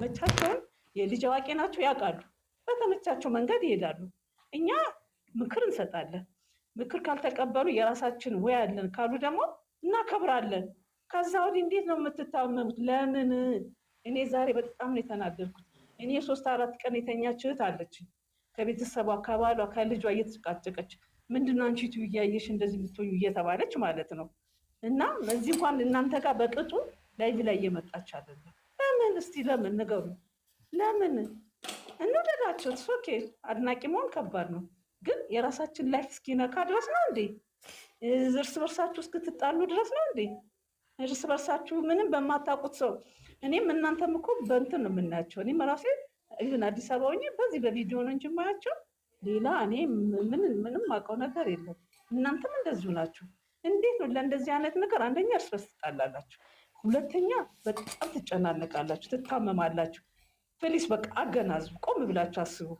መቻቸውን የልጅ አዋቂ ናቸው ያውቃሉ። በተመቻቸው መንገድ ይሄዳሉ። እኛ ምክር እንሰጣለን። ምክር ካልተቀበሉ የራሳችን ወይ አለን ካሉ ደግሞ እናከብራለን። ከዛ ወዲህ እንዴት ነው የምትታመሙት? ለምን እኔ ዛሬ በጣም ነው የተናደድኩት። እኔ ሶስት አራት ቀን የተኛች እህት አለችኝ ከቤተሰቧ ከባሏ ከልጇ እየተጨቃጨቀች ምንድን ነው አንቺ ቱ እያየሽ እንደዚህ የምትሆኙ እየተባለች ማለት ነው። እና እዚህ እንኳን እናንተ ጋር በቅጡ ላይ ላይ እየመጣች አይደለም። እስቲ ለምን ንገሩ። ለምን እንውደዳቸው? ኦኬ አድናቂ መሆን ከባድ ነው፣ ግን የራሳችን ላይፍ እስኪነካ ድረስ ነው እንዴ? እርስ በርሳችሁ እስክትጣሉ ድረስ ነው እንዴ? እርስ በርሳችሁ ምንም በማታውቁት ሰው እኔም እናንተም እኮ በእንትን ነው የምናያቸው። እኔም ራሴ ይሁን አዲስ አበባ ሆኜ በዚህ በቪዲዮ ነው እንጂ የማያቸው ሌላ እኔ ምንም ምንም አውቀው ነገር የለም። እናንተም እንደዚሁ ናችሁ። እንዴት ነው ለእንደዚህ አይነት ነገር አንደኛ እርስ በርስ ትጣላላችሁ። ሁለተኛ በጣም ትጨናነቃላችሁ፣ ትታመማላችሁ። ፕሊስ በቃ አገናዝቡ፣ ቆም ብላችሁ አስቡ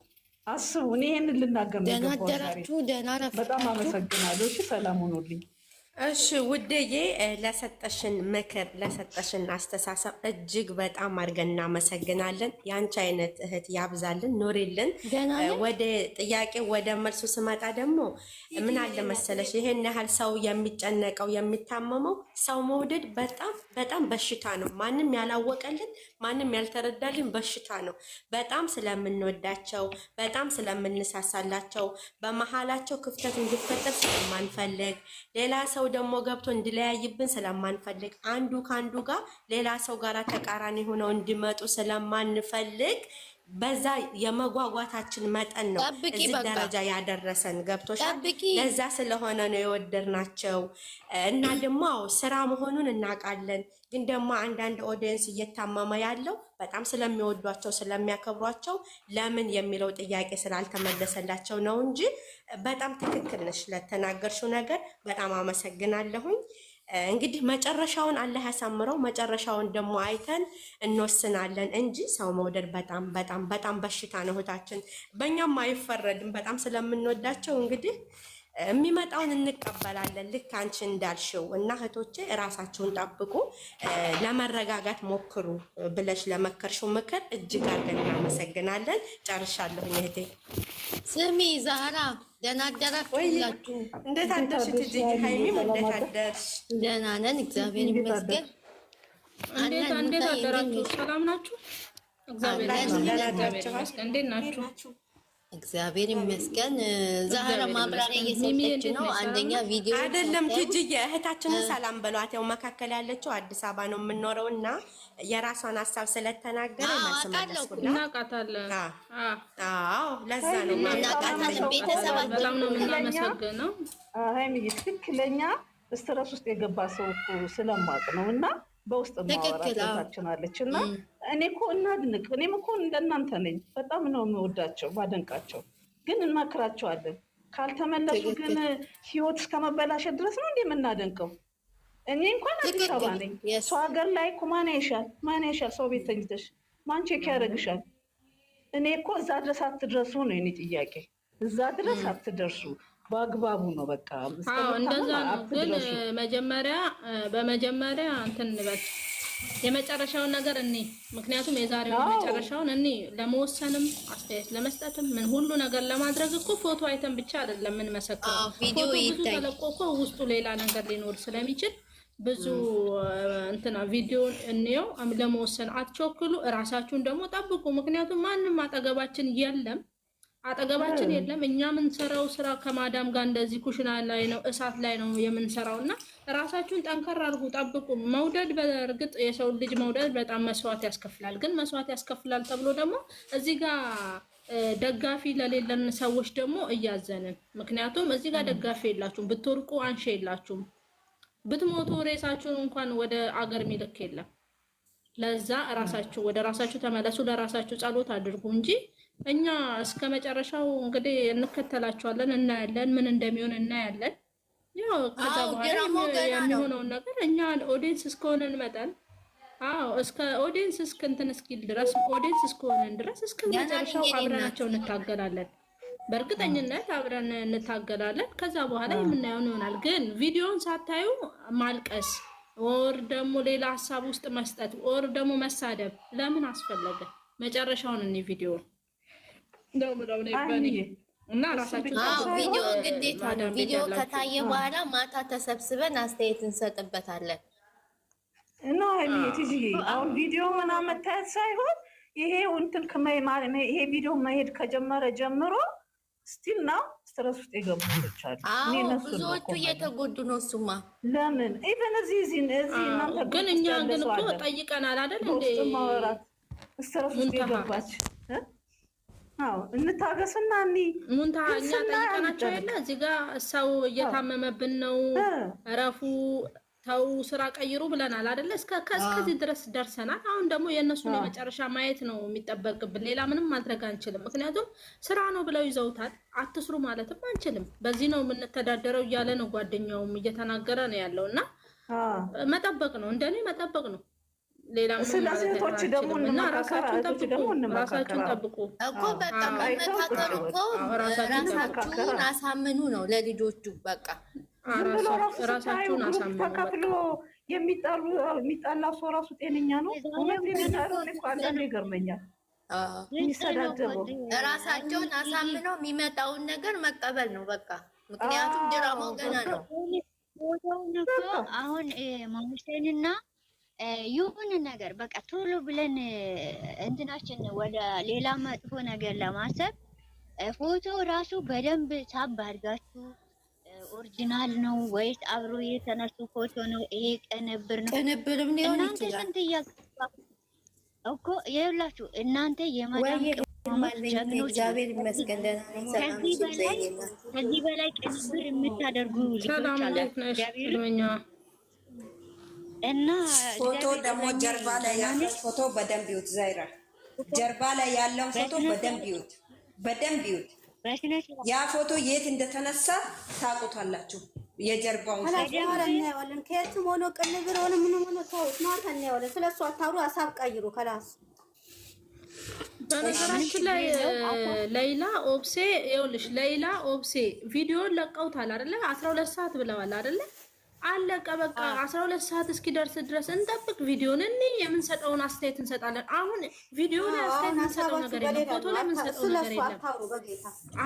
አስቡ። እኔ ይህንን ልናገር ደህና በጣም አመሰግናለሁ። ሰላም ሆኖልኝ እሺ ውድዬ ለሰጠሽን ምክር ለሰጠሽን አስተሳሰብ እጅግ በጣም አድርገን እናመሰግናለን። የአንቺ አይነት እህት ያብዛልን፣ ኑሪልን። ወደ ጥያቄ ወደ መልሱ ስመጣ ደግሞ ምን አለ መሰለሽ ይሄን ያህል ሰው የሚጨነቀው የሚታመመው ሰው መውደድ በጣም በጣም በሽታ ነው። ማንም ያላወቀልን ማንም ያልተረዳልን በሽታ ነው። በጣም ስለምንወዳቸው በጣም ስለምንሳሳላቸው በመሀላቸው ክፍተት እንዲፈጠር ስለማንፈልግ ሌላ ሰው ደግሞ ገብቶ እንዲለያይብን ስለማንፈልግ አንዱ ከአንዱ ጋር ሌላ ሰው ጋር ተቃራኒ ሆነው እንዲመጡ ስለማንፈልግ በዛ የመጓጓታችን መጠን ነው እዚህ ደረጃ ያደረሰን። ገብቶሻል? ለዛ ስለሆነ ነው የወደድናቸው እና ደግሞ ስራ መሆኑን እናውቃለን። ግን ደግሞ አንዳንድ ኦዲየንስ እየታመመ ያለው በጣም ስለሚወዷቸው ስለሚያከብሯቸው ለምን የሚለው ጥያቄ ስላልተመለሰላቸው ነው እንጂ በጣም ትክክል ነሽ። ለተናገርሽው ነገር በጣም አመሰግናለሁኝ። እንግዲህ መጨረሻውን አላህ ያሳምረው። መጨረሻውን ደግሞ አይተን እንወስናለን እንጂ ሰው መውደድ በጣም በጣም በጣም በሽታ ነው። እህታችን በእኛም አይፈረድም በጣም ስለምንወዳቸው እንግዲህ የሚመጣውን እንቀበላለን። ልክ አንቺ እንዳልሽው እና እህቶቼ እራሳችሁን ጠብቁ፣ ለመረጋጋት ሞክሩ ብለሽ ለመከርሽው ምክር እጅግ አድርገን እናመሰግናለን። ጨርሻለሁ እህቴ። ስሚ ዛህራ ደህና አደራችሁ? እንዴት አደርሽ? ትጅኝ ሀይሚም እንዴት አደርሽ? ደህና ነን እግዚአብሔር ይመስገን። እንዴት አደራችሁ? ሰላም ናችሁ? እግዚአብሔር ይመስገን። እንዴት ናችሁ? እግዚአብሔር ይመስገን። ዛህራ ማብራሪያ እየሰጠች ነው። አንደኛ ቪዲዮ አይደለም ትጅ የእህታችንን ሰላም በሏት። ያው መካከል ያለችው አዲስ አበባ ነው የምኖረው እና የራሷን ሀሳብ ስለተናገረ እናቃታለን። ለዛ ነው እናቃታለን። ነው የምናመሰግነው። ትክክለኛ ስትረስ ውስጥ የገባ ሰው ስለማቅ ነው እና በውስጥ ማወራታችን አለች እና እኔ እኮ እናድንቅ እኔም እኮ እንደናንተ ነኝ። በጣም ነው የምወዳቸው ባደንቃቸው፣ ግን እናክራቸዋለን። ካልተመለሱ ግን ህይወት እስከ ድረስ ነው እንደ የምናደንቀው። እኔ እንኳን አዲስ አበባ ነኝ። ሰው ሀገር ላይ እኮ ማን ያይሻል? ማን ያይሻል? ሰው ቤት ተኝተሽ ማን ቼክ ያደርግሻል? እኔ እኮ እዛ ድረስ አትድረሱ ነው የኔ ጥያቄ። እዛ ድረስ አትደርሱ በአግባቡ ነው። በቃ እንደዛ ነው። ግን መጀመሪያ በመጀመሪያ እንትን እንበል የመጨረሻውን ነገር እኔ ምክንያቱም የዛሬው የመጨረሻውን እኔ ለመወሰንም አስተያየት ለመስጠትም ምን ሁሉ ነገር ለማድረግ እኮ ፎቶ አይተን ብቻ አይደለም ምን መሰከረው ተለቆ እኮ ውስጡ ሌላ ነገር ሊኖር ስለሚችል ብዙ እንትና ቪዲዮን እንየው ለመወሰን አትቸኩሉ። እራሳችሁን ደግሞ ጠብቁ። ምክንያቱም ማንም አጠገባችን የለም አጠገባችን የለም። እኛ የምንሰራው ስራ ከማዳም ጋር እንደዚህ ኩሽና ላይ ነው፣ እሳት ላይ ነው የምንሰራው እና ራሳችሁን ጠንከር አድርጉ፣ ጠብቁ። መውደድ በእርግጥ የሰው ልጅ መውደድ በጣም መስዋዕት ያስከፍላል። ግን መስዋዕት ያስከፍላል ተብሎ ደግሞ እዚህ ጋር ደጋፊ ለሌለን ሰዎች ደግሞ እያዘንን፣ ምክንያቱም እዚህ ጋር ደጋፊ የላችሁም፣ ብትወርቁ አንሺ የላችሁም፣ ብትሞቱ ሬሳችሁን እንኳን ወደ አገር ሚልክ የለም። ለዛ ራሳችሁ ወደ ራሳችሁ ተመለሱ፣ ለራሳችሁ ጸሎት አድርጉ እንጂ እኛ እስከ መጨረሻው እንግዲህ እንከተላቸዋለን፣ እናያለን፣ ምን እንደሚሆን እናያለን። ያው ከዛ በኋላ የሚሆነውን ነገር እኛ ኦዲንስ እስከሆነን መጠን አዎ እስከ ኦዲንስ እስከ እንትን እስኪል ድረስ ኦዲንስ እስከሆነን ድረስ እስከ መጨረሻው አብረናቸው እንታገላለን። በእርግጠኝነት አብረን እንታገላለን። ከዛ በኋላ የምናየውን ይሆናል። ግን ቪዲዮን ሳታዩ ማልቀስ ኦር ደግሞ ሌላ ሀሳብ ውስጥ መስጠት ኦር ደግሞ መሳደብ ለምን አስፈለገ? መጨረሻውን እኔ ቪዲዮን እና ቪዲዮ ግዴታ ነው። ቪዲዮ ከታየ በኋላ ማታ ተሰብስበን አስተያየት እንሰጥበታለን። እና አሁን ቪዲዮ ምናምን መታየት ሳይሆን ይሄ እንትን ይሄ ቪዲዮ መሄድ ከጀመረ ጀምሮ ስቲል ነው ስትረስ ውስጥ የገቡ ሰዎች አሉ። ብዙዎቹ እየተጎዱ ነው። እሱማ ለምን ኢቨን እዚህ እዚህ እዚህ እናንተ ግን እኛ ግን እኮ ጠይቀናል አይደል እንዴ ስትረስ ውስጥ የገባች እንታገስና ሙንታ እኛ ጠይቀናቸው የለ እዚህ ጋ ሰው እየታመመብን ነው፣ እረፉ ተው፣ ስራ ቀይሩ ብለናል አደለ? እስከዚህ ድረስ ደርሰናል። አሁን ደግሞ የእነሱን የመጨረሻ ማየት ነው የሚጠበቅብን። ሌላ ምንም ማድረግ አንችልም፣ ምክንያቱም ስራ ነው ብለው ይዘውታል። አትስሩ ማለትም አንችልም። በዚህ ነው የምንተዳደረው እያለ ነው ጓደኛውም እየተናገረ ነው ያለው እና መጠበቅ ነው እንደኔ መጠበቅ ነው። ስለ ደግሞ ራሳችሁን ጠብቁ እኮ በቃ መመካከር እኮ ራሳችሁን አሳምኑ ነው ለልጆቹ በቃ ሰው ራሱ ጤነኛ ነው ይገርመኛል የሚሰዳደበው ራሳቸውን አሳምነው የሚመጣውን ነገር መቀበል ነው በቃ ምክንያቱም ድራማው ገና ነው አሁን ይሁን ነገር በቃ ቶሎ ብለን እንትናችን ወደ ሌላ መጥፎ ነገር ለማሰብ ፎቶ ራሱ በደንብ ሳብ አድርጋችሁ ኦሪጂናል ነው ወይስ አብሮ የተነሱ ፎቶ ነው? ይሄ ቅንብር ነው? ቅንብርም ሊሆን ይችላል እኮ ይኸውላችሁ፣ እናንተ የማዳም እግዚአብሔር ይመስገን ደህና ነኝ። ሰላም ከዚህ በላይ ቅንብር የምታደርጉ ልጆች አላችሁ። እና ፎቶ ደግሞ ጀርባ ላይ ያለው ፎቶ በደንብ ይዩት። ዛይራ ጀርባ ላይ ያለው ፎቶ በደንብ ይዩት፣ በደንብ ይዩት። ያ ፎቶ የት እንደተነሳ ታውቁታላችሁ። የጀርባውን እናየዋለን። ከየትም ሆኖ ቅንብር ሆነ ምን ሆኖ ተውት፣ ማታ እናየዋለን። ስለሱ አታውሩ፣ ሀሳብ ቀይሩ። ከላስ በነገራችን ላይ ሌይላ ኦብሴ ይኸውልሽ፣ ሌይላ ኦብሴ ቪዲዮን ለቀውታል አይደለ? አስራ ሁለት ሰዓት ብለዋል አይደለ? አለቀ በቃ አስራ ሁለት ሰዓት እስኪደርስ ድረስ እንጠብቅ። ቪዲዮን እኒ የምንሰጠውን አስተያየት እንሰጣለን። አሁን ቪዲዮ ላይ አስተያየት የምንሰጠው ነገር የለም፣ ፎቶ ላይ የምንሰጠው ነገር የለም።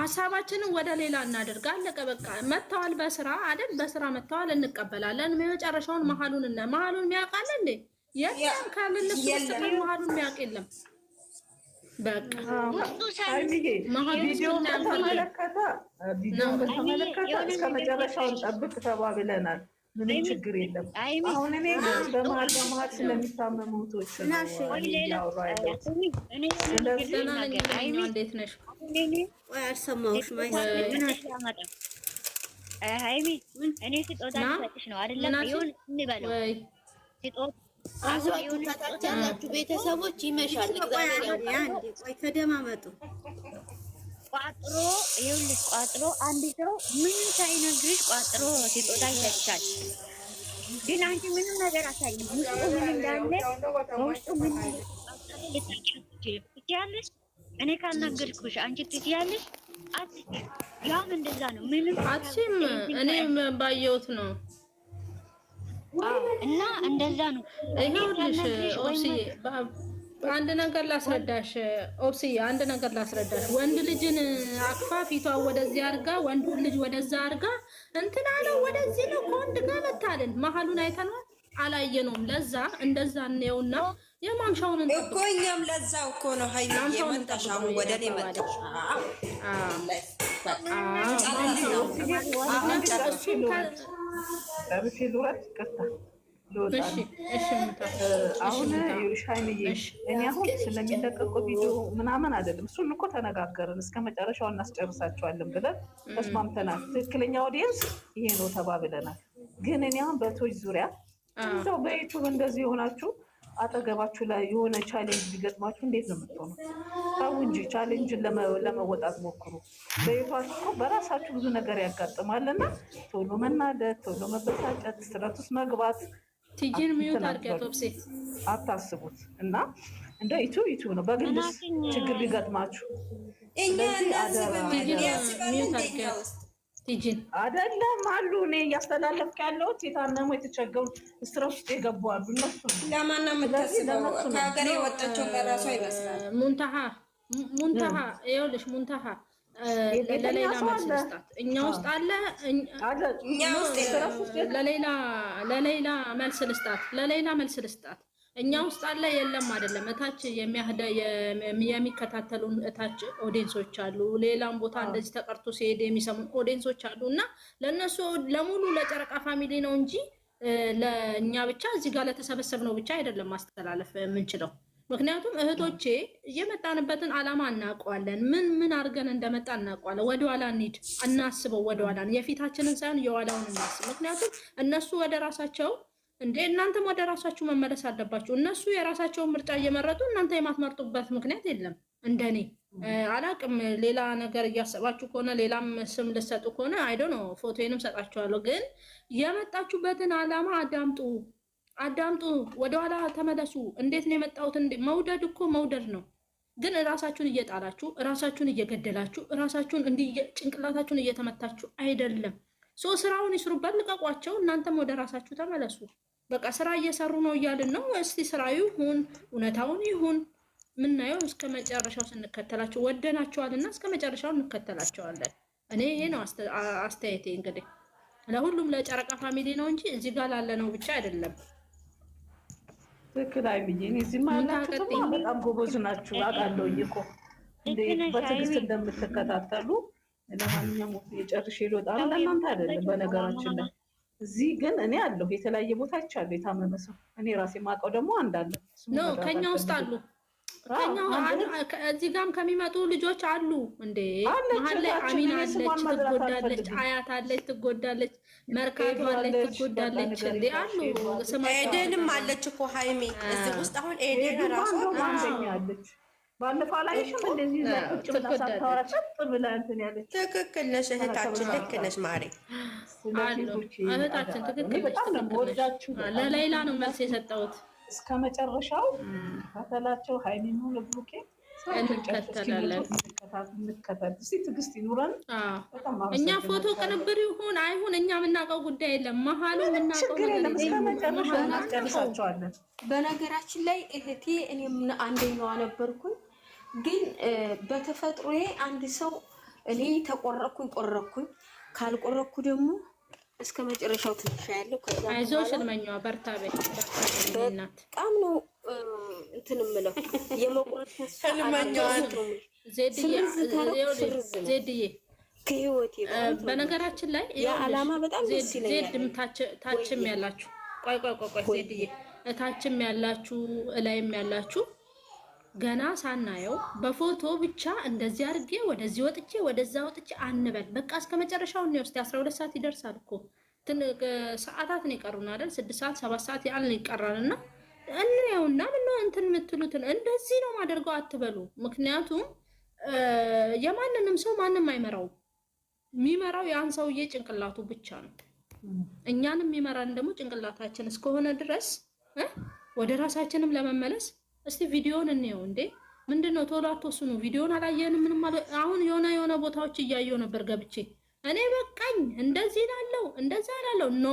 ሀሳባችንን ወደ ሌላ እናደርግ። አለቀ በቃ መተዋል። በስራ አይደል? በስራ መተዋል እንቀበላለን። የመጨረሻውን መሀሉን እና መሀሉን የሚያውቃል እንዴ? የለም ካልልፍ ውስጥ መሀሉን የሚያውቅ የለም። በቃ መሀሉን ተመለከተ እስከ መጨረሻውን ጠብቅ ተባብለናል። ምንም ችግር የለም። አሁን እኔ በመሀል በመሀል ስለሚታመሙት ሀይሚ እኔ ስጦታ ልሰጥሽ ነው አይደለም? ይሁን እንበለው ቤተሰቦች ይመሻል። እግዚአብሔር ያው ቋጥሮ ይኸውልሽ፣ ቋጥሮ አንድ ሰው ምን ሳይነግርሽ ቋጥሮ ሲጦታ ይሰጥሻል። ግን አንቺ ምንም ነገር አሳይም፣ ውስጡ ምን እንዳለ በውስጡ ምን ትችያለሽ። እኔ ካልነገርኩሽ አንቺ ትችያለሽ። ያም እንደዛ ነው። ምንም አትሽም። እኔ ባየሁት ነው እና እንደዛ ነው። ይኸውልሽ ኦብስዬ አንድ ነገር ላስረዳሽ ኦብስዬ፣ አንድ ነገር ላስረዳሽ። ወንድ ልጅን አቅፋ ፊቷ ወደዚህ አርጋ፣ ወንዱ ልጅ ወደዛ አርጋ እንትና ነው ወደዚህ ነው ከወንድ ጋር መታልን። መሀሉን አይተናል አላየነውም። ለዛ እንደዛ እንየውና የማምሻውን እኮ እኛም ለዛ እኮ ነው ሀይሚ የመጣሽ ወደ እኔ መጣሽ። አሁን ጨርሽ ዙረት ቅርታ አሁን ሻይንዬ እኔ አሁን ስለሚለቀቁ ቪዲዮ ምናምን አይደለም። እሱን እኮ ተነጋገርን እስከ መጨረሻው እናስጨርሳቸዋለን ብለን ተስማምተናል። ትክክለኛ ኦዲየንስ ይሄ ነው ተባብለናል። ግን እኔ አሁን በቶች ዙሪያ ሰው በዩቱብ እንደዚህ የሆናችሁ አጠገባችሁ ላይ የሆነ ቻሌንጅ ቢገጥማችሁ እንዴት ነው የምትሆኑ? ሰው እንጂ ቻሌንጅን ለመወጣት ሞክሩ። በቤቷችሁ እኮ በራሳችሁ ብዙ ነገር ያጋጥማልና ቶሎ መናደድ፣ ቶሎ መበሳጨት፣ ስረት ውስጥ መግባት ቲጂን ሚዩት አድርጊያት ወብሴ አታስቡት እና እንደ ኢቱ ኢቱ ነው። በግል ችግር ቢገጥማችሁ አደለም አሉ እኔ እያስተላለፍክ ያለሁት የታመሙ የተቸገሩ ስትረስ ውስጥ የገቡ አሉ። እነሱ ለማና ምታስበው ከሀገር የወጣቸው ለራሱ ይመስላል። ሙንታሃ ሙንታሃ ይኸውልሽ ሙንታሃ ለሌላ መልስ እኛ ውስጥ አለ። ለሌላ መልስ ልስጣት፣ ለሌላ መልስ ልስጣት። እኛ ውስጥ አለ የለም አይደለም። እታች የሚያህደ የሚከታተሉን እታች ኦዲንሶች አሉ። ሌላም ቦታ እንደዚህ ተቀርቶ ሲሄድ የሚሰሙን ኦዲንሶች አሉ። እና ለእነሱ ለሙሉ ለጨረቃ ፋሚሊ ነው እንጂ ለእኛ ብቻ እዚህ ጋር ለተሰበሰብ ነው ብቻ አይደለም ማስተላለፍ የምንችለው። ምክንያቱም እህቶቼ የመጣንበትን አላማ እናውቀዋለን። ምን ምን አድርገን እንደመጣ እናውቀዋለን። ወደኋላ እንሂድ፣ እናስበው። ወደኋላ የፊታችንን ሳይሆን የኋላውን እናስብ። ምክንያቱም እነሱ ወደ ራሳቸው እንዴ እናንተም ወደ ራሳችሁ መመለስ አለባችሁ። እነሱ የራሳቸውን ምርጫ እየመረጡ እናንተ የማትመርጡበት ምክንያት የለም። እንደኔ አላቅም። ሌላ ነገር እያሰባችሁ ከሆነ ሌላም ስም ልሰጡ ከሆነ አይዶ ነው ፎቶንም ሰጣችኋለሁ። ግን የመጣችሁበትን ዓላማ አዳምጡ። አዳምጡ፣ ወደኋላ ተመለሱ። እንዴት ነው የመጣሁት? መውደድ እኮ መውደድ ነው፣ ግን እራሳችሁን እየጣላችሁ እራሳችሁን እየገደላችሁ እራሳችሁን እንዲህ ጭንቅላታችሁን እየተመታችሁ አይደለም። ሶ ስራውን ይስሩበት፣ ልቀቋቸው። እናንተም ወደ ራሳችሁ ተመለሱ። በቃ ስራ እየሰሩ ነው እያልን ነው። እስቲ ስራ ይሁን እውነታውን ይሁን ምናየው እስከ መጨረሻው ስንከተላቸው ወደናቸዋልና እስከ መጨረሻው እንከተላቸዋለን። እኔ ይሄ ነው አስተያየቴ። እንግዲህ ለሁሉም ለጨረቃ ፋሚሊ ነው እንጂ እዚህ ጋር ላለ ነው ብቻ አይደለም። ትክክል አይምዬ፣ እኔ እዚህማ በጣም ጎበዝ ናችሁ አውቃለሁኝ እኮ በትዕግስት እንደምትከታተሉ። ለማንኛውም የጨርሼ ልወጣ ነው። ለእናንተ አይደለም በነገራችን ላይ እዚህ ግን እኔ አለሁ የተለያየ ቦታ ይቻለሁ የታመመ ሰው እኔ ራሴ ማውቀው ደግሞ አንዳለ ከኛ ውስጥ አሉ እዚህ ጋም ከሚመጡ ልጆች አሉ እንዴ መሀል ላይ አሚን አለች፣ ትጎዳለች፣ አያት አለች፣ ትጎዳለች፣ መርካቶ አለች፣ ትጎዳለች። እንዴ አሉ ኤደንም አለች እኮ ሃይሜ እዚህ ውስጥ አሁን ኤደን ራሱ አለች። ባለፈው አላየሽም እንደዚህ ሳታወራ ጸጥ ብላ እንትን ያለች። ትክክል ነሽ እህታችን፣ ልክ ነሽ ማሪ እህታችን፣ ትክክል ነሽ። ለሌላ ነው መልስ የሰጠሁት። እስከ መጨረሻው ከተላቸው ሀይሚኑ ለብሩኬ እንከታተል ትዕግስት ይኑረን። እኛ ፎቶ ቅንብር ይሁን አይሁን እኛ የምናውቀው ጉዳይ የለም። መሀሉ በነገራችን ላይ እህቴ እኔም አንደኛዋ ነበርኩኝ። ግን በተፈጥሮዬ አንድ ሰው እኔ ተቆረኩኝ ቆረኩኝ ካልቆረኩ ደግሞ እስከ መጨረሻው ትንሻ ያለው ከዛ አይዞሽ እልመኛዋ በርታ በይ በጣም ነው እንትን እምለው የመቁረጥ እልመኛዋ ዜድዬ ከህይወቴ በነገራችን ላይ የዓላማ በጣም ደስ ይለኛል። ታችም ያላችሁ ቆይ ቆይ ቆይ ዜድዬ እታችም ያላችሁ እላይም ያላችሁ ገና ሳናየው በፎቶ ብቻ እንደዚህ አድርጌ ወደዚህ ወጥቼ ወደዛ ወጥቼ አንበል። በቃ እስከ መጨረሻው ነው ውስጥ ሁለት ሰዓት ይደርሳል እኮ ሰዓታት ነው ይቀሩና አይደል? ስድስት ሰዓት ሰባት ሰዓት ያህል ነው ይቀራል። ይቀራልና እንየውና ምን ነው እንትን የምትሉትን እንደዚህ ነው ማደርገው አትበሉ። ምክንያቱም የማንንም ሰው ማንም አይመራው፣ የሚመራው ያን ሰውዬ ጭንቅላቱ ብቻ ነው። እኛንም የሚመራን ደግሞ ጭንቅላታችን እስከሆነ ድረስ ወደ ራሳችንም ለመመለስ እስቲ ቪዲዮን እንየው እንዴ! ምንድን ነው ቶሎ አትወስኑ? ቪዲዮን አላየንም። ምንም አሁን የሆነ የሆነ ቦታዎች እያየው ነበር ገብቼ እኔ በቃኝ፣ እንደዚህ ላለው እንደዛ ላለው ኖ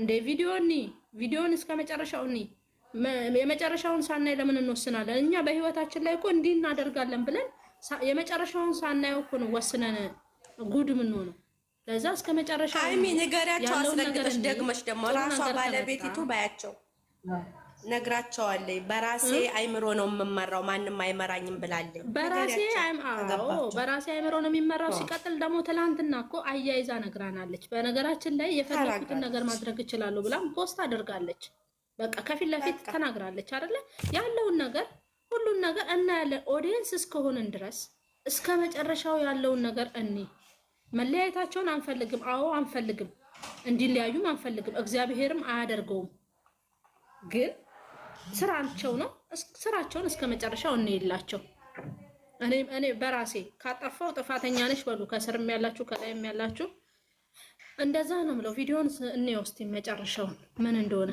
እንዴ! ቪዲዮኒ ቪዲዮን እስከ መጨረሻውኒ የመጨረሻውን ሳናይ ለምን እንወስናለን? እኛ በህይወታችን ላይ እኮ እንዲህ እናደርጋለን ብለን የመጨረሻውን ሳናየው እኮ ነው ወስነን ጉድ ምን ነው ለዛ እስከ መጨረሻ አይሚ ንገሪያቸው፣ አስረግጠሽ ደግመሽ ደግሞ ራሷ ባለቤቲቱ ባያቸው ነግራቸዋለኝ በራሴ አይምሮ ነው የምመራው፣ ማንም አይመራኝም ብላለኝ። በራሴ በራሴ አይምሮ ነው የሚመራው። ሲቀጥል ደግሞ ትላንትና እኮ አያይዛ ነግራናለች። በነገራችን ላይ የፈለኩትን ነገር ማድረግ እችላለሁ ብላም ፖስት አድርጋለች። በቃ ከፊት ለፊት ተናግራለች አይደለ? ያለውን ነገር ሁሉን ነገር እናያለን። ኦዲየንስ እስከሆንን ድረስ እስከ መጨረሻው ያለውን ነገር እኔ መለያየታቸውን አንፈልግም። አዎ አንፈልግም፣ እንዲለያዩም አንፈልግም። እግዚአብሔርም አያደርገውም ግን ስራቸው ነው። ስራቸውን እስከ መጨረሻው እኔ የላቸው እኔ በራሴ ካጠፋው ጥፋተኛ ነሽ በሉ። ከስርም ያላችሁ ከላይም ያላችሁ እንደዛ ነው ምለው። ቪዲዮን እኔ ውስጥ መጨረሻውን ምን እንደሆነ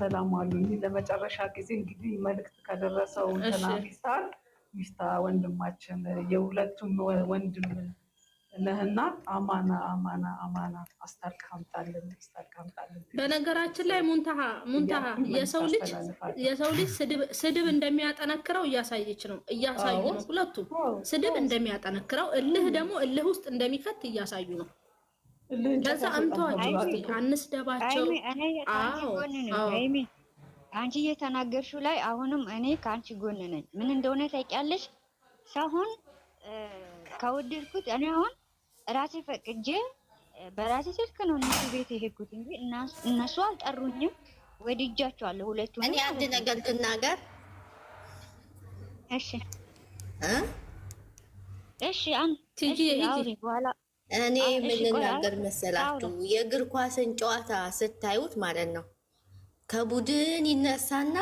ሰላም አሉ። ለመጨረሻ ጊዜ እንግዲህ መልእክት ከደረሰው ሚስታ ወንድማችን የሁለቱም ወንድም ነህና አማና አማና አማና አስታርቃምጣልን አስታርቃምጣልን። በነገራችን ላይ ሙንታሃ ሙንታሃ የሰው ልጅ የሰው ልጅ ስድብ እንደሚያጠነክረው እያሳየች ነው እያሳዩ ነው ሁለቱም ስድብ እንደሚያጠነክረው እልህ ደግሞ እልህ ውስጥ እንደሚከት እያሳዩ ነው። ከዛ እንተዋቸው ስ አንስደባቸው። አንቺ እየተናገርሽው ላይ አሁንም እኔ ከአንቺ ጎን ነኝ። ምን እንደሆነ ታውቂያለሽ ሳሁን ከወደድኩት እኔ አሁን ራሴ ፈቅጄ በራሴ ስልክ ነው እነሱ ቤት የሄድኩት እንጂ እነሱ አልጠሩኝም። ወድጃቸዋለሁ ሁለቱ። እኔ አንድ ነገር ትናገር። እሺ እሺ። በኋላ እኔ የምንናገር መሰላችሁ የእግር ኳስን ጨዋታ ስታዩት ማለት ነው ከቡድን ይነሳና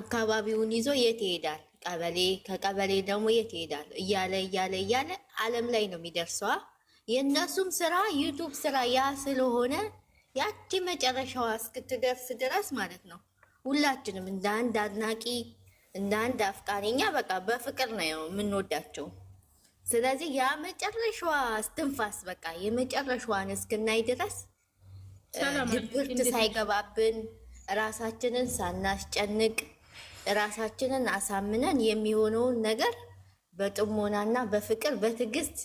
አካባቢውን ይዞ የት ይሄዳል? ቀበሌ ከቀበሌ ደግሞ የት ይሄዳል እያለ እያለ እያለ አለም ላይ ነው የሚደርሰዋ። የእነሱም ስራ ዩቱብ ስራ ያ ስለሆነ ያቺ መጨረሻዋ እስክትደርስ ድረስ ማለት ነው። ሁላችንም እንደ አንድ አድናቂ እንደ አንድ አፍቃሪ እኛ በቃ በፍቅር ነው የምንወዳቸው። ስለዚህ ያ መጨረሻዋ እስትንፋስ በቃ የመጨረሻዋን እስክናይ ድረስ ድብርት ሳይገባብን ራሳችንን ሳናስጨንቅ ራሳችንን አሳምነን የሚሆነውን ነገር በጥሞናና በፍቅር በትዕግስት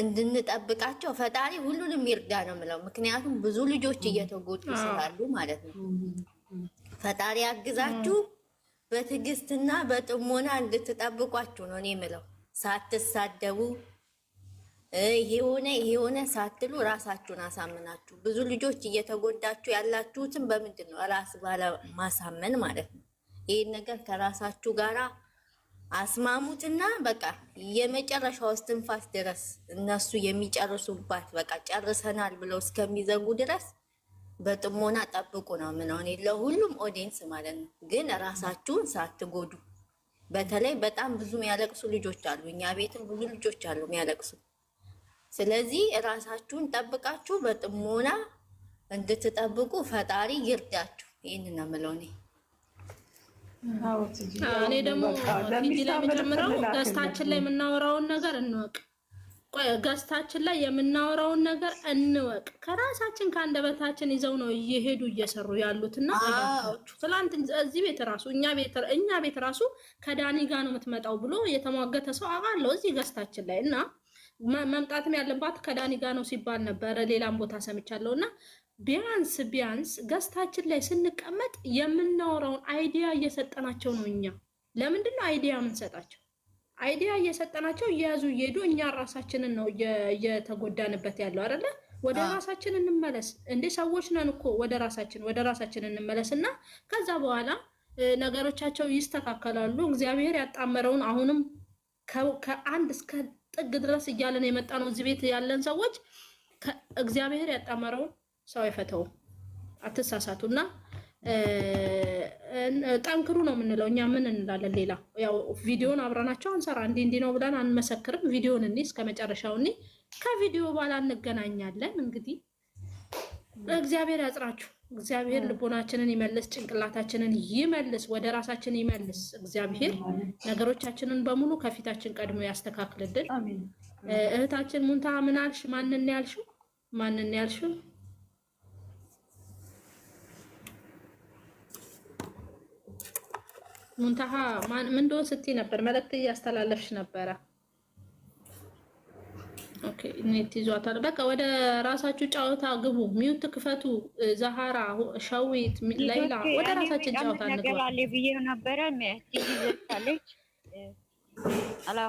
እንድንጠብቃቸው ፈጣሪ ሁሉንም ይርዳ ነው የምለው። ምክንያቱም ብዙ ልጆች እየተጎዱ ስላሉ ማለት ነው። ፈጣሪ አግዛችሁ በትዕግስትና በጥሞና እንድትጠብቋችሁ ነው እኔ የምለው። ሳትሳደቡ ይሄ ሆነ ይሄ ሆነ ሳትሉ ራሳችሁን አሳምናችሁ ብዙ ልጆች እየተጎዳችሁ ያላችሁትን በምንድን ነው ራስ ባለማሳመን ማለት ነው። ይህን ነገር ከራሳችሁ ጋራ አስማሙትና በቃ የመጨረሻው እስትንፋስ ድረስ እነሱ የሚጨርሱባት በቃ ጨርሰናል ብለው እስከሚዘጉ ድረስ በጥሞና ጠብቁ ነው ምናምን ለሁሉም ኦዲየንስ ማለት ነው። ግን ራሳችሁን ሳትጎዱ በተለይ በጣም ብዙ የሚያለቅሱ ልጆች አሉ። እኛ ቤትም ብዙ ልጆች አሉ የሚያለቅሱ። ስለዚህ ራሳችሁን ጠብቃችሁ በጥሞና እንድትጠብቁ ፈጣሪ ይርዳችሁ። ይህን ነው የምለው እኔ። እኔ ደግሞ ፊት ላይ የምጨምረው ገዝታችን ላይ የምናወራውን ነገር እንወቅ። ገዝታችን ላይ የምናወራውን ነገር እንወቅ። ከራሳችን ከአንደበታችን ይዘው ነው እየሄዱ እየሰሩ እና ትላንት እዚህ ቤት ራሱ እኛ ቤት ራሱ ከዳኒ ጋ ነው የምትመጣው ብሎ የተሟገተ ሰው አውቃለሁ እዚህ ገዝታችን ላይ እና መምጣትም ያለባት ከዳኒ ጋ ነው ሲባል ነበረ። ሌላም ቦታ ሰምቻለሁ እና ቢያንስ ቢያንስ ገዝታችን ላይ ስንቀመጥ የምናወራውን አይዲያ እየሰጠናቸው ነው። እኛ ለምንድን ነው አይዲያ የምንሰጣቸው? አይዲያ እየሰጠናቸው እየያዙ እየሄዱ እኛ ራሳችንን ነው እየተጎዳንበት ያለው አይደለ? ወደ ራሳችን እንመለስ እንዴ! ሰዎች ነን እኮ ወደ ራሳችን ወደ ራሳችን እንመለስ እና ከዛ በኋላ ነገሮቻቸው ይስተካከላሉ። እግዚአብሔር ያጣመረውን አሁንም ከአንድ እስከ ጥግ ድረስ እያለን የመጣ ነው እዚህ ቤት ያለን ሰዎች እግዚአብሔር ያጣመረውን ሰው አይፈተውም። አትሳሳቱ እና ጠንክሩ ነው የምንለው እኛ። ምን እንላለን ሌላ? ያው ቪዲዮን አብረናቸው አንሰራ እንዲ እንዲ ነው ብለን አንመሰክርም። ቪዲዮን እኔ እስከ መጨረሻው እኔ ከቪዲዮ በኋላ እንገናኛለን። እንግዲህ እግዚአብሔር ያጽራችሁ። እግዚአብሔር ልቦናችንን ይመልስ፣ ጭንቅላታችንን ይመልስ፣ ወደ ራሳችን ይመልስ። እግዚአብሔር ነገሮቻችንን በሙሉ ከፊታችን ቀድሞ ያስተካክልልን። እህታችን ሙንታ ምን አልሽ? ማንን ያልሽው? ማንን ያልሽው? ሙንታሀ ማን ምን እንደሆነ ስትይ ነበር፣ መልእክት እያስተላለፍሽ ነበረ። ኦኬ ኔት ይዟታል። በቃ ወደ ራሳችሁ ጨዋታ ግቡ። ሚውት ክፈቱ። ዛሃራ፣ ሸዊት፣ ላይላ ወደ ራሳችን ጨዋታ እንግባ ብዬ ነበረ። ትይዘታለች ያ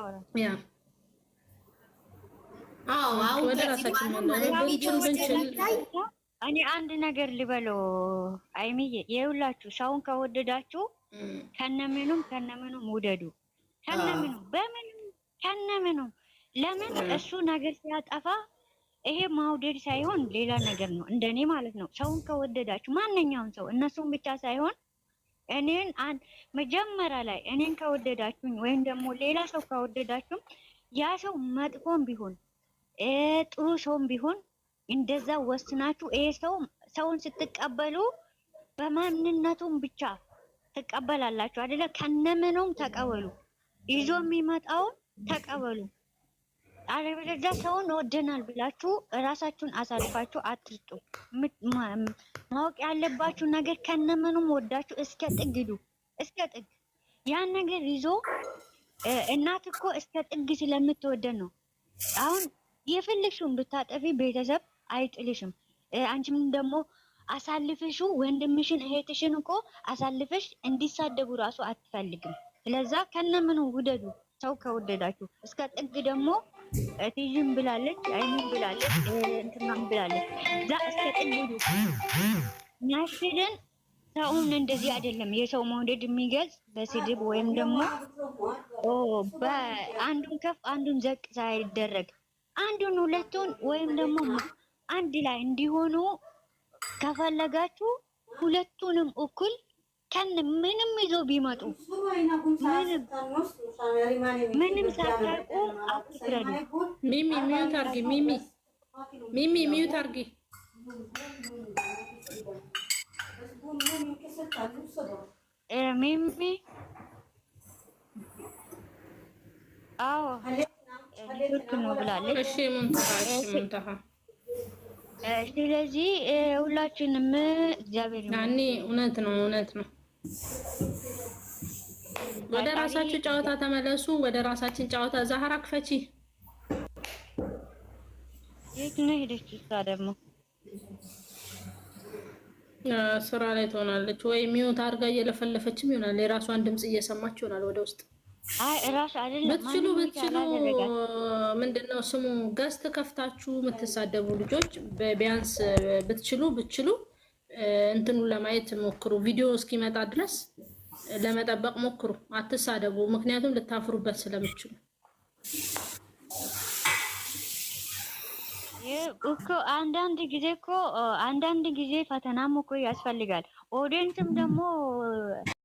ወደ ራሳችን እኔ አንድ ነገር ልበለው። አይሚዬ የሁላችሁ ሰውን ከወደዳችሁ Mm. ከነምኑም ከነምኑም ውደዱ ከነምኑ ah. በምኑ ከነምኑ። ለምን mm. እሱ ነገር ሲያጠፋ ይሄ ማውደድ ሳይሆን ሌላ ነገር ነው፣ እንደኔ ማለት ነው። ሰውን ከወደዳችሁ ማንኛውም ሰው እነሱን ብቻ ሳይሆን እኔን መጀመሪያ ላይ እኔን ከወደዳችሁኝ ወይም ደግሞ ሌላ ሰው ከወደዳችሁም ያ ሰው መጥፎም ቢሆን ጥሩ ሰውም ቢሆን እንደዛ ወስናችሁ ይሄ ሰው ሰውን ስትቀበሉ በማንነቱም ብቻ ትቀበላላችሁ አይደለ? ከነምኑም ተቀበሉ። ይዞ የሚመጣውን ተቀበሉ። አለበለዚያ ሰውን ወደናል ብላችሁ እራሳችሁን አሳልፋችሁ አትርጡ። ማወቅ ያለባችሁ ነገር ከነምኑም ወዳችሁ እስከ ጥግ ሂዱ፣ እስከ ጥግ ያን ነገር ይዞ እናት እኮ እስከ ጥግ ስለምትወደን ነው። አሁን የፈለግሽውን ብታጠፊ ቤተሰብ አይጥልሽም። አንቺም ደግሞ አሳልፈሽ ወንድምሽን እህትሽን እኮ አሳልፈሽ እንዲሳደቡ ራሱ አትፈልግም። ስለዛ ከነምኑ ውደዱ፣ ሰው ከወደዳችሁ እስከ ጥግ ደግሞ እትይም ብላለች፣ አይኑን ብላለች፣ እንትናም ብላለች። እዛ እስከ ጥግ ውዱ። ሚያስችልን ሰውን እንደዚህ አይደለም የሰው መውደድ የሚገልጽ በስድብ ወይም ደግሞ በአንዱን ከፍ አንዱን ዘቅ ሳይደረግ አንዱን ሁለቱን ወይም ደግሞ አንድ ላይ እንዲሆኑ ከፈለጋችሁ ሁለቱንም እኩል ከን ምንም ይዞ ቢመጡ ምንም ሳታውቁ አትፍረዱ። ሚሚ ሚዩት አርጊ። ሚሚ ሚሚ ሚዩት አርጊ። ሚሚ አዎ ቱርክ ነው ብላለች። ስለዚህ ሁላችንም እግዚአብሔር ያኔ እውነት ነው፣ እውነት ነው። ወደ ራሳችሁ ጨዋታ ተመለሱ። ወደ ራሳችን ጨዋታ ዛህራ ክፈቺ። የት ነው ሄደች? እሷ ደግሞ ስራ ላይ ትሆናለች ወይ ሚውት አድርጋ እየለፈለፈችም ይሆናል። የራሷን ድምፅ እየሰማች ይሆናል ወደ ውስጥ ብትችሉ ብትችሉ ምንድን ነው ስሙ ገዝት ከፍታችሁ የምትሳደቡ ልጆች ቢያንስ ብትችሉ ብትችሉ እንትኑ ለማየት ሞክሩ። ቪዲዮ እስኪመጣ ድረስ ለመጠበቅ ሞክሩ። አትሳደቡ፣ ምክንያቱም ልታፍሩበት ስለምችሉ እኮ አንዳንድ ጊዜ እኮ አንዳንድ ጊዜ ፈተናም እኮ ያስፈልጋል። ኦዲየንስም ደግሞ